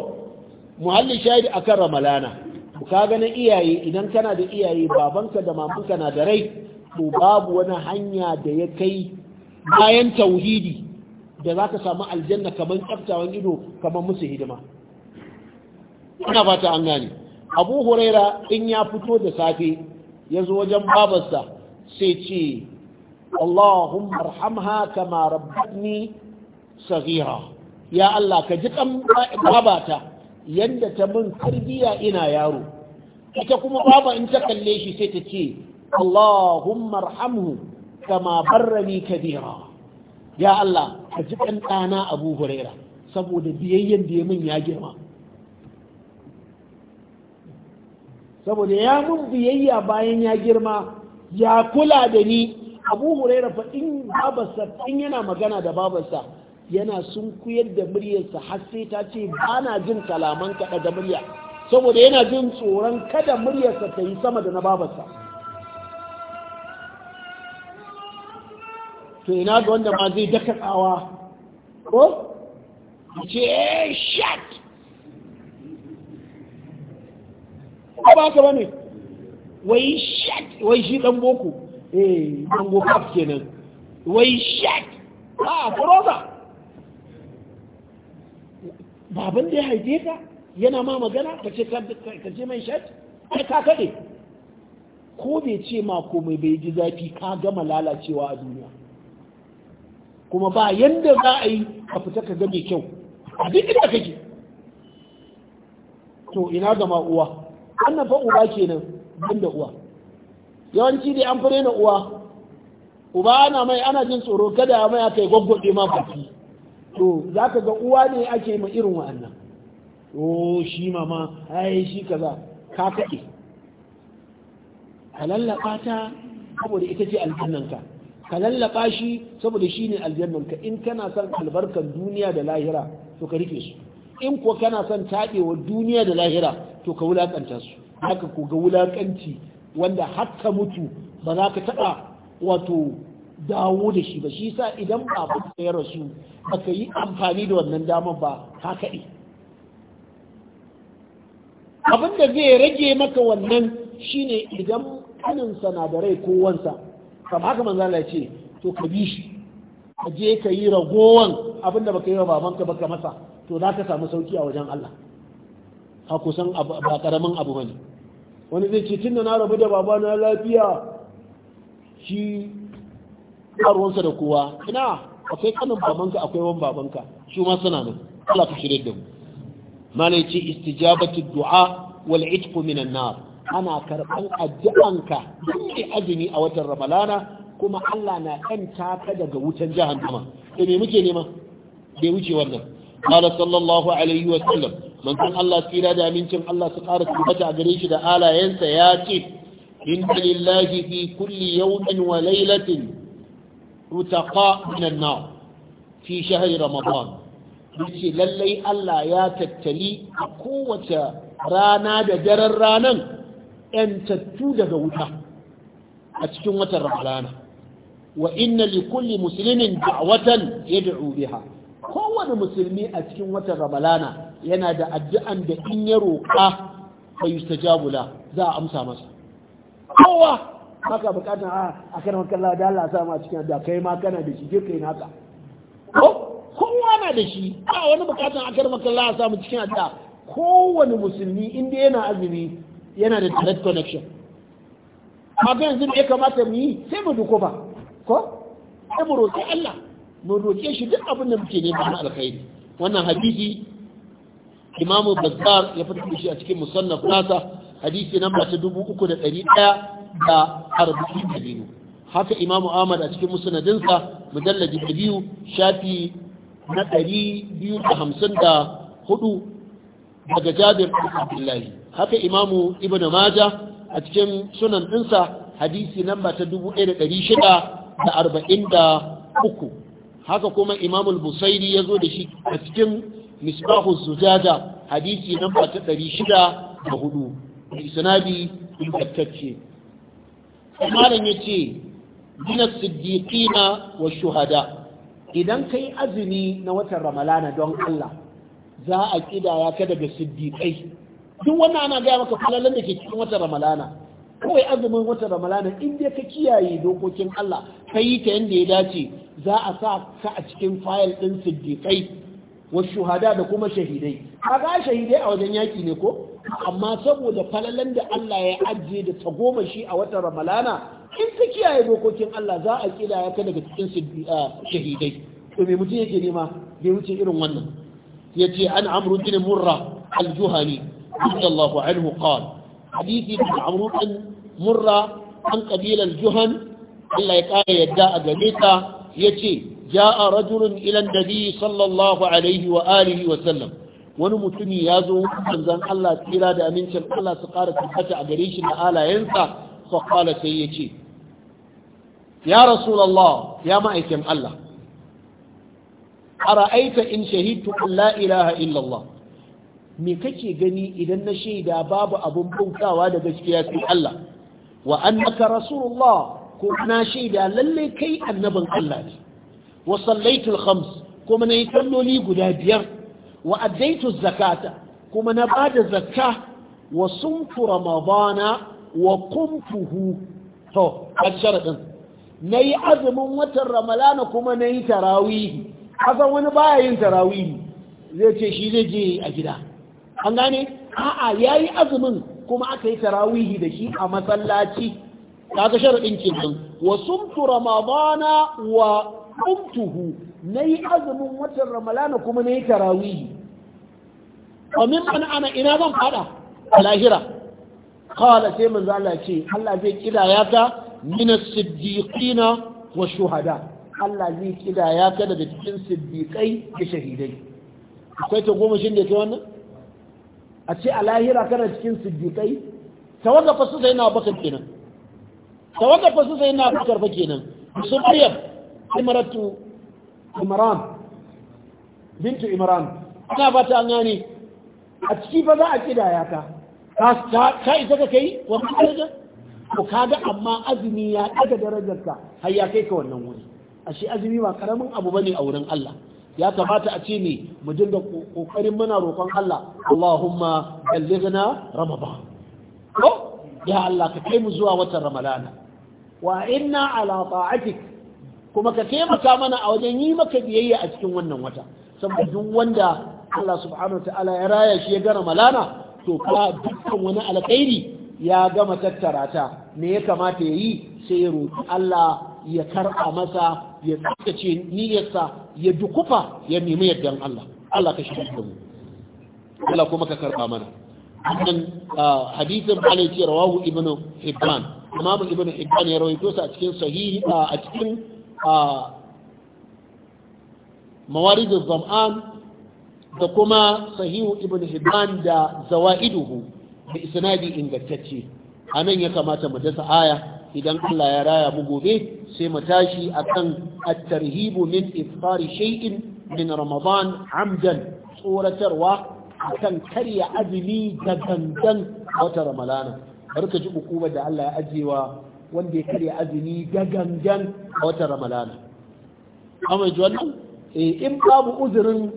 muhalli shahidi akan ramalana to ganin na iyaye idan kana da iyaye babanka da mamanka na da rai to babu wani hanya da ya kai bayan tauhidi da za ka samu aljanna kamar tsaftawan ido kamar musu hidima ana fata an gane abu huraira in ya fito da safe ya zo wajen babarsa sai ce Allahumma arhamha kama rabbani saghira ya Allah ka ji kan babata yadda ta min tarbiya ina yaro ita kuma baba in ta kalle shi sai ta ce Allahumma arhamhu kama barrani kabira ya Allah ka ji kan ɗana Abu Huraira saboda biyayyen da ya min ya girma saboda ya mun biyayya bayan ya girma ya kula da ni abu huraira fa in babarsa in yana magana da babarsa yana sunkuyar da muryarsa har sai ta ce ba na jin kalaman kaɗa da murya saboda yana jin tsoron kada muryarsa ta yi sama da na babarsa to ina ga wanda ma zai daka tsawa ko ce eh, shat ko ba ka bane wai shat wai shi dan boko eh dan boko kenan wai shat ah proza baban da ya haife ka yana ma magana ka ce ka ce mai shaɗi ai ka kaɗe ko bai ce ma komai bai ji zafi ka gama lalacewa a duniya kuma ba yadda za a yi a fita ka gami kyau a duk da kake to ina gama uwa wannan fa uba kenan ban da uwa yawanci dai an fure na uwa uba ana mai ana jin tsoro kada mai aka yi gwaggwaɗe ma fafi to za ka ga uwa ne ake ma irin wa'annan o shi mama ai shi kaza ka kaɗe ka lallaɓa ta saboda ita ce aljannanka ka lallaɓa shi saboda shi ne aljannanka in kana son albarkar duniya da lahira to ka rike su in kuwa kana son taɗewa duniya da lahira to ka wulaƙanta su haka ko ga wulaƙanci wanda har ka mutu ba za ka taɓa wato dawo da shi ba shi sa idan da ya rasu baka yi amfani da wannan damar ba ka kaɗe abin zai rage maka wannan shi ne idan kaninsa sanadarai da rai ko wansa kam haka ce to ka bi shi ka je ka yi ragowan abin da baka yi wa babanka baka masa to za ka samu sauki a wajen Allah Ka kusan ba karamin abu bane wani zai ce da na rabu da babana lafiya shi a ruwansa da kowa ina akwai kanin babanka akwai wani babanka su ma suna nan Allah ka shirye da mu malai ce istijabatu du'a wal itqu minan nar ana karban addu'anka duk azumi a watan ramalana kuma Allah na ɗan taka daga wutan jahannama da me muke nema bai wuce wannan qala sallallahu alaihi wa sallam man kan Allah tsira da amincin Allah su ƙara tabbata a gare shi da alayensa ya ce inna lillahi fi kulli yawmin wa laylatin rutaka minan na fi shahari ramadan yace lallai Allah ya tattali a kowace rana da daren ranan yan daga wuta a cikin watan ramadana wa inna li kulli muslimin da'watan yad'u Ubiha. kowane musulmi a cikin watan ramadana yana da addu'an da in ya roƙa fa yustajabu la za a amsa masa kowa haka bukatar a a kan makalla da Allah a sama cikin da kai ma kana da shi je kai naka ko kowa na da shi a wani bukatar a kan makalla a samu cikin adda kowane musulmi inda yana azumi yana da direct connection haka yanzu ya kamata mu yi sai mu duko ba ko sai mu roƙi Allah mu roƙe shi duk abin da muke nema na alkhairi wannan hadisi imamu bazzar ya fitar da shi a cikin musannaf nasa hadisi namba ta dubu uku da ɗari ɗaya da arba'in da biyu haka imamu ahmad a cikin musanadinsa mujallaji da biyu shafi na ɗari biyu da hamsin da hudu daga jabir abdullahi haka imamu ibn maja a cikin sunan ɗinsa hadisi namba ta dubu ɗaya da ɗari shida da arba'in da uku haka kuma imamul busairi ya zo da shi a cikin misbahu zujaja hadisi namba ta ɗari shida da hudu da isnadi ingantacce malam ya ce gina Siddiƙina wa shuhada idan ka yi azumi na watan ramalana don Allah za a kidaya ka daga siddiƙai duk wannan ana gaya maka falalan da ke cikin watan ramalana kawai azumin watan ramalana in dai ka kiyaye dokokin Allah ka yi ta yadda ya dace za a sa ka a cikin fayil ɗin siddiƙai wa shuhada da kuma shahidai A ga shahidai a wajen yaki ne ko amma saboda falalan da Allah ya ajiye da ta goma shi a watan ramalana in ta kiyaye dokokin Allah za a kila ka daga cikin ah, shahidai to me mutum yake nema bai wuce irin wannan yace an amru bin murra al-juhani radiyallahu anhu qala hadisi da amru bin murra an kabilar juhan Allah ya kara yadda a gare ta yace ja'a rajulun ila nabi sallallahu alaihi wa alihi wa sallam wani mutumi ya zo manzon Allah tsira da amincin Allah su ƙara tabbata a gare shi da alayensa fa sai ya ce ya rasulullah ya ma'aikin Allah ra'aita in shahidu an la ilaha illallah me kake gani idan na shaida babu abun bautawa da gaskiya sai Allah wa annaka rasulullah ko na shaida lalle kai annabin Allah ne wa sallaitul khams kuma nayi salloli guda biyar wa addaitu zakata kuma na bada zakka wa sumtu ramadana wa kumtuhu to Na nayi azumin watan ramalana kuma nayi tarawihi. kasan wani baya yin tarawihi. zai ce shi zai je a gida an gane a'a yayi azumin kuma aka yi tarawih da shi a masallaci kaga sharadin kenan wa sumtu ramadana wa kumtuhu na yi azumin watan ramalana kuma na yi tarawihi amin an ana ina zan fada a lahira kawala sai manzo Allah ce Allah zai kidaya ta min as-siddiqina wa shuhada Allah zai kidaya ta daga cikin siddiqai da shahidai akwai ta goma shin da ke wannan a ce a lahira kana cikin siddiqai tawaga fa su sai na bakar kenan tawaga fa su sai na bakar fa kenan su maryam imaratu imran bintu imran ina ba ta a ciki ba za a kidaya ta. ka isa ka kai wannan daraja ko kaga amma azumi ya daga ka har ya kai ka wannan wuri ashe azumi ba karamin abu bane a wurin Allah ya kamata a ce ne mu dinga kokarin muna roƙon Allah Allahumma ballighna ramadan ko ya Allah ka kai mu zuwa watan ramadana wa inna ala ta'atik kuma ka taimaka mana a wajen yi maka biyayya a cikin wannan wata saboda duk wanda Allah subhanahu ta'ala ya raya shi ya gana malana to fa dukkan wani alkhairi ya gama tattara ta me ya kamata ya yi sai ya roki Allah ya karɓa masa ya tsakace niyyarsa ya dukufa ya nemi yardan Allah Allah ka shirya da mu Allah kuma ka karɓa mana wannan ah, hadisin ce rawahu ibnu hibban imamu ibnu hibban ya rawaito sa cikin sahihi ah, a cikin a mawaridu da kuma sahihu ibn hibban da zawa'iduhu da isnadi ingantacce a nan ya kamata mu dasa aya idan Allah ya raya mu gobe sai mu tashi akan at-tarhibu min ifkari shay'in min ramadan amdan tsoratarwa akan karya azumi da gangan wata Ramadana. barka ji hukumar da Allah ya ajewa wanda ya karya azumi gagangan a watan Ramadana. amma ji wannan eh, in babu uzurin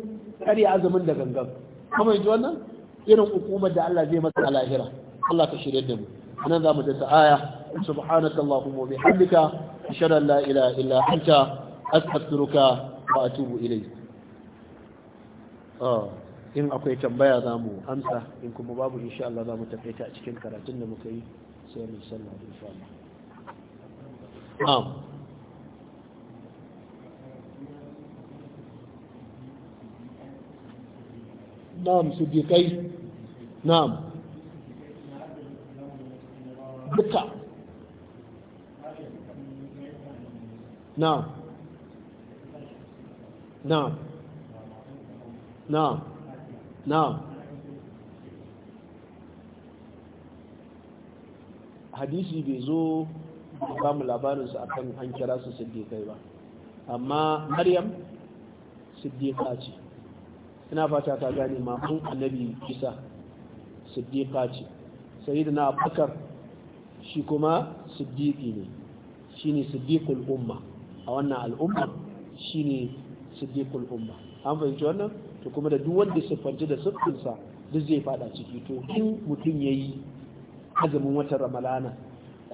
karya azumin da gangan amma ji wannan irin hukumar da Allah zai masa a lahira Allah ka shirya da mu anan zamu da aya subhanaka allahumma bihamdika ashhadu an la ilaha illa anta astaghfiruka wa atubu ilayk ah, in akwai tambaya za mu amsa in kuma babu insha Allah za mu tafaita a cikin karatun da muka yi sai mu sallah insha Allah Um. na'am su bi kai na'am duka na'am na'am na'am na'am hadisi bai zo ba mu labarin su akan an kira su siddiqai ba amma maryam siddiqa ce ina fata ta gane maman annabi isa siddiqa ce sayyidina na shi kuma siddiqi ne shine siddiqul umma a wannan al'umma shine siddiqul umma an fahimci wannan to kuma da duk wanda siffanci da siffinsa duk zai fada ciki to in mutum yayi azumin watan ramalana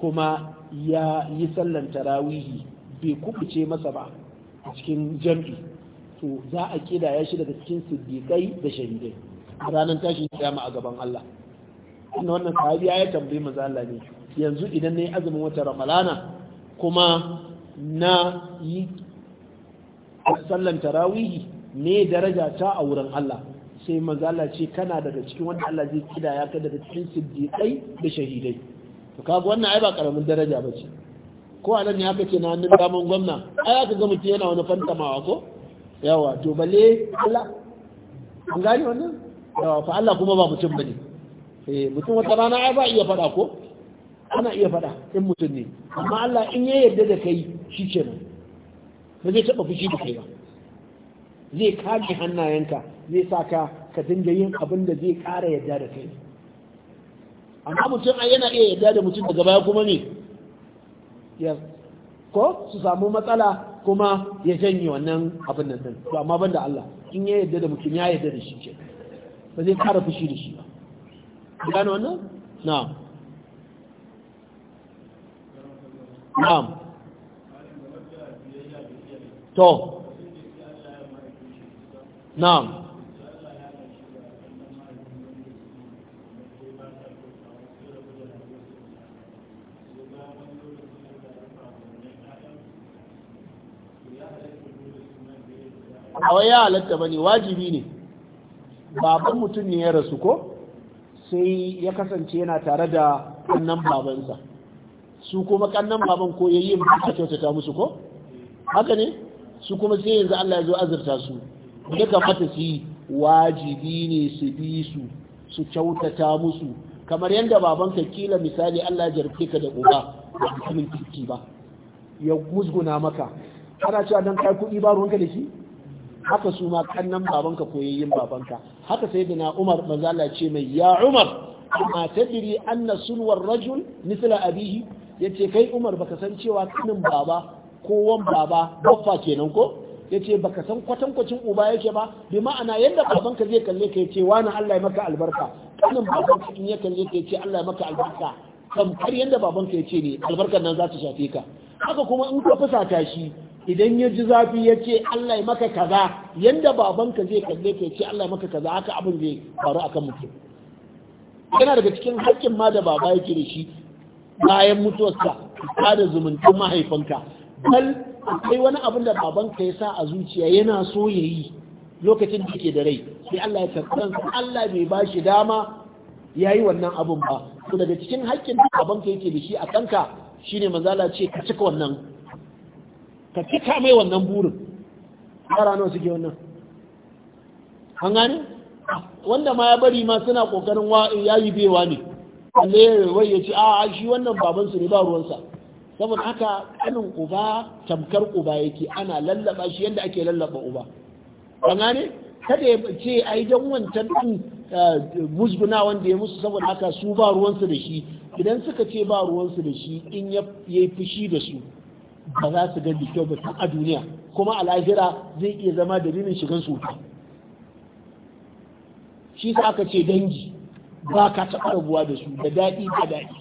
kuma ya yi sallan tarawihi bai kubuce masa ba a cikin jam'i to za a kidaya shi daga cikin siddiƙai da shahidai a ranar tashi kiyama a gaban Allah inda wannan sahabi ya tambayi manzo Allah ne yanzu idan nayi azumin wata ramalana kuma na yi sallan tarawihi ne daraja ta a wurin Allah sai manzo Allah ce kana daga cikin wanda Allah zai kidaya ka daga cikin siddiqai da shahidai to kaga wannan ai ba karamin daraja bace ko anan ne aka ce na hannun daman gwamna ai aka ga mutum yana wani fantamawa ko yawa to balle Allah an gani wannan yawa fa Allah kuma ba mutum bane eh mutum wata rana ai ba iya fada ko ana iya fada in mutum ne amma Allah in ya yarda da kai shi kenan ba zai taba fushi da kai ba zai kage hannayenka zai saka ka dinga yin abin da zai kara yarda da kai amma mutum ai yana iya yadda da mutum daga baya kuma ne ya ko su samu matsala kuma ya janye wannan abin nan din to amma banda Allah in ya yadda da mutum ya yadda da shi ke ba zai fara fushi da shi ba gano wannan na'am na'am to na'am wai ya halatta ba ne wajibi ne baban mutum ne ya rasu ko sai ya kasance yana tare da kannan babansa su kuma kannan baban ko ya yi ba kyautata musu ko haka ne su kuma sai yanzu Allah ya zo azurta su ya kamata su yi wajibi ne su bi su su kyautata musu kamar yadda baban ka kila misali Allah ya jarfe ka da uba ba kirki ba ya musguna maka ana cewa don kai kuɗi ba ruwanka da shi haka su ma kannan babanka koyayyin babanka haka sai da na umar mazala ce mai ya umar amma tadiri anna sulwar rajul misla abihi ce kai umar baka san cewa kanin baba kowan baba baffa kenan ko ce baka san kwatankwacin uba yake ba bi ma'ana yadda babanka zai kalle ka yace wani Allah ya maka albarka kanin babanka in ya kalle ka yace Allah ya maka albarka kamar yadda babanka ce ne albarkar nan za ta shafe ka haka kuma in ka ta shi idan ya ji zafi ya ce Allah ya maka kaza yadda babanka zai kalle ka ce Allah ya maka kaza haka abin zai faru akan mutum yana daga cikin haƙƙin ma da baba yake da shi bayan mutuwarsa ta da zumuntun mahaifinka bal akwai wani abin da babanka ya sa a zuciya yana so ya yi lokacin da ke da rai sai Allah ya karɓi Allah bai ba shi dama ya yi wannan abin ba to daga cikin haƙƙin da babanka yake da shi a kanka shine manzala ce ka cika wannan ka cika mai wannan burin yara nawa suke wannan an gani wanda ma ya bari ma suna kokarin yayi bewa ne ya wai ya ce a shi wannan babansu ne ba ruwansa saboda haka kanin uba tamkar uba yake ana lallaba shi yadda ake lallaba uba an gani kada ya ce ai don wancan din eh, musguna wanda ya musu saboda haka su ba ruwansu da shi idan suka ce ba ruwansu da shi in ya fushi da su ba za su ga kyau ba tun a duniya kuma a lahira zai iya zama dalilin shigan su shi sa aka ce dangi ba ka taɓa rabuwa da su da daɗi da daɗi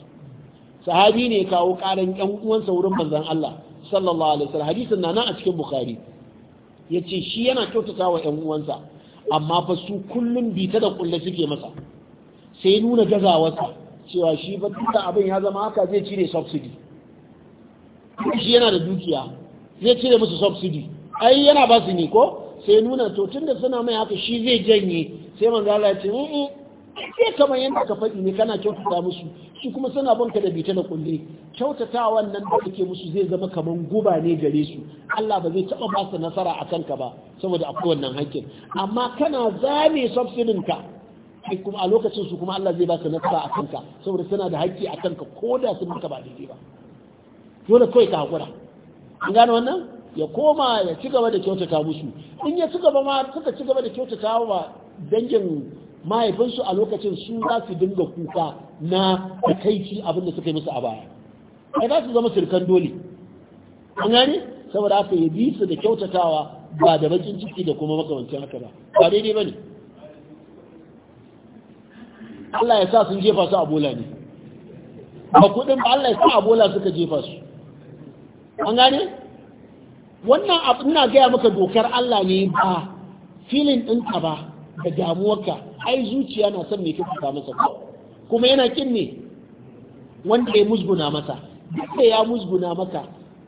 sahabi ne kawo ƙarin ƴan uwansa wurin manzon Allah sallallahu alaihi wasallam hadisin na nan a cikin bukhari yace shi yana kyautata wa ƴan uwansa amma fa su kullum ta da kulle suke masa sai nuna gazawarsa cewa shi ba duka abin ya zama haka zai cire subsidy shi yana da dukiya zai cire musu subsidi ai yana ba su ne ko sai nuna to tun suna mai haka shi zai janye sai manzo Allah ya ce eh sai eh, kamar yadda ka faɗi ne kana kyautata musu shi kuma suna banka da bita da kulle kyautata wannan da kake musu zai zama kaman guba ne gare su Allah ba zai taɓa ba su nasara a kanka ba saboda akwai wannan hakkin amma kana zame subsidin ka a lokacin su kuma Allah zai ba su nasara a kanka saboda suna da hakki a kanka ko da sun maka ba daidai ba dole kawai ka hakura an gano wannan ya koma ya ci gaba da kyautata musu in ya ci gaba ma suka ci gaba da kyautata wa dangin mahaifinsu a lokacin su za su dinga kuka na takaici abin da suka yi musu a baya ai za su zama sirkan dole an gane saboda haka ya bi su da kyautatawa ba da bakin ciki da kuma makamancin haka ba ba daidai ba ne Allah ya sa sun jefa su a bola ne ba kuɗin ba Allah ya sa a bola suka jefa su an gane wannan abu ina gaya maka dokar Allah ne ba filin ɗinka ba da damuwarka ai zuciya na son me kika masa kuma yana kin ne wanda ya musguna masa duk da ya musguna maka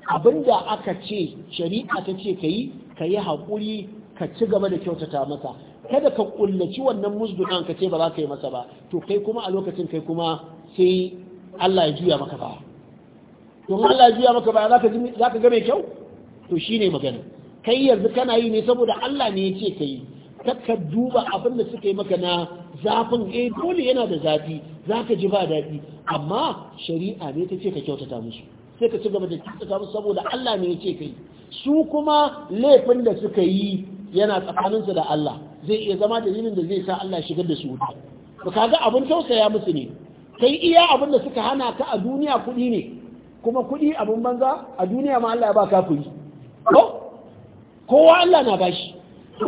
abinda aka ce shari'a ta ce ka yi, ka yi haƙuri ka ci gaba da kyautata masa kada ka kullaci wannan musgunan ka ce ba za ka yi masa ba to kai kuma a lokacin kai kuma sai Allah ya juya maka ba don Allah ya maka ba za ka ga mai kyau to shine magana kai yanzu kana yi ne saboda Allah ne ya ce ka yi duba abin da suka yi maka na zafin eh dole yana da zafi za ji ba daɗi amma shari'a ne ta ce ka kyautata musu sai ka ci gaba da kyautata musu saboda Allah ne ya ce su kuma laifin da suka yi yana tsakaninsu da Allah zai iya zama dalilin da zai sa Allah shigar da su wuta ba kaga abin tausaya musu ne kai iya abin da suka hana ka a duniya kuɗi ne kuma kuɗi abin banza a duniya ma Allah ya ba kafiri ko kowa Allah na bashi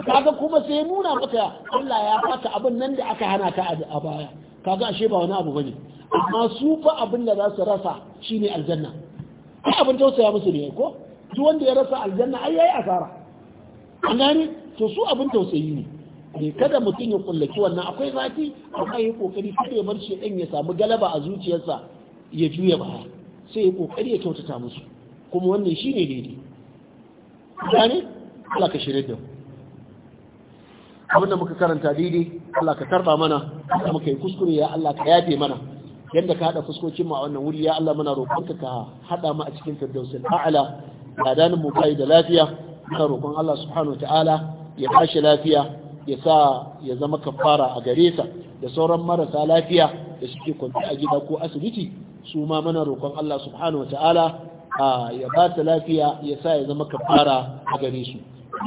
kaga kuma sai ya nuna maka Allah ya fata abin nan da aka hana ka a baya kaga ashe ba wani abu bane amma su fa abin da za su rasa shine aljanna ai abin tausaya musu ne ko duk wanda ya rasa aljanna ai yayi asara an gani to su abin tausayi ne ne eh, kada mutum ya kullaki wannan akwai zafi akwai kokari kada ya bar shi ya samu galaba a zuciyarsa ya juya baya sai ya kokari ya kyautata musu kuma wannan shine daidai gane Allah ka shirye da abinda muka karanta daidai Allah ka karba mana da muka yi kuskure ya Allah ka yafe mana yadda ka haɗa fuskokin ma a wannan wuri ya Allah muna roƙonka ka haɗa mu a cikin firdausul a'la ladanin mu kai da lafiya ka roƙon Allah subhanahu ta'ala ya bashi lafiya ya sa ya zama kafara a gare sa da sauran marasa lafiya da suke kwanci a gida ko asibiti su ma mana roƙon Allah subhanahu wataala ya ba ta lafiya ya sa ya zama kafara a gare su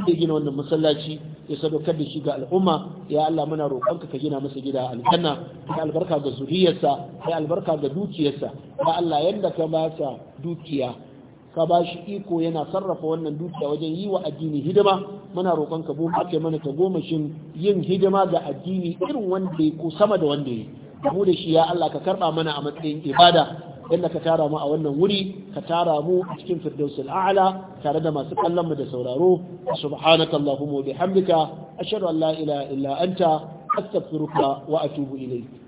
inda gina wannan masallaci ya sadaukar da shi ga al'umma ya Allah muna roƙon ka gina masa gida aljanna ya albarka ga zuriyarsa ya albarka ga dukiyarsa ya Allah yanda ka ba ta dukiya ka ba shi iko yana sarrafa wannan dukiya wajen yi wa addini hidima muna ka bu ake mana ta gomashin yin hidima ga addini irin wanda ya ko sama da wanda ya yi mu da shi ya Allah ka karba mana a matsayin ibada inda ka tara mu a wannan wuri ka tara mu a cikin firdausul a'la tare da masu kallon mu da sauraro subhanaka allahumma wa bihamdika ashhadu an la ilaha illa anta astaghfiruka wa atubu ilayk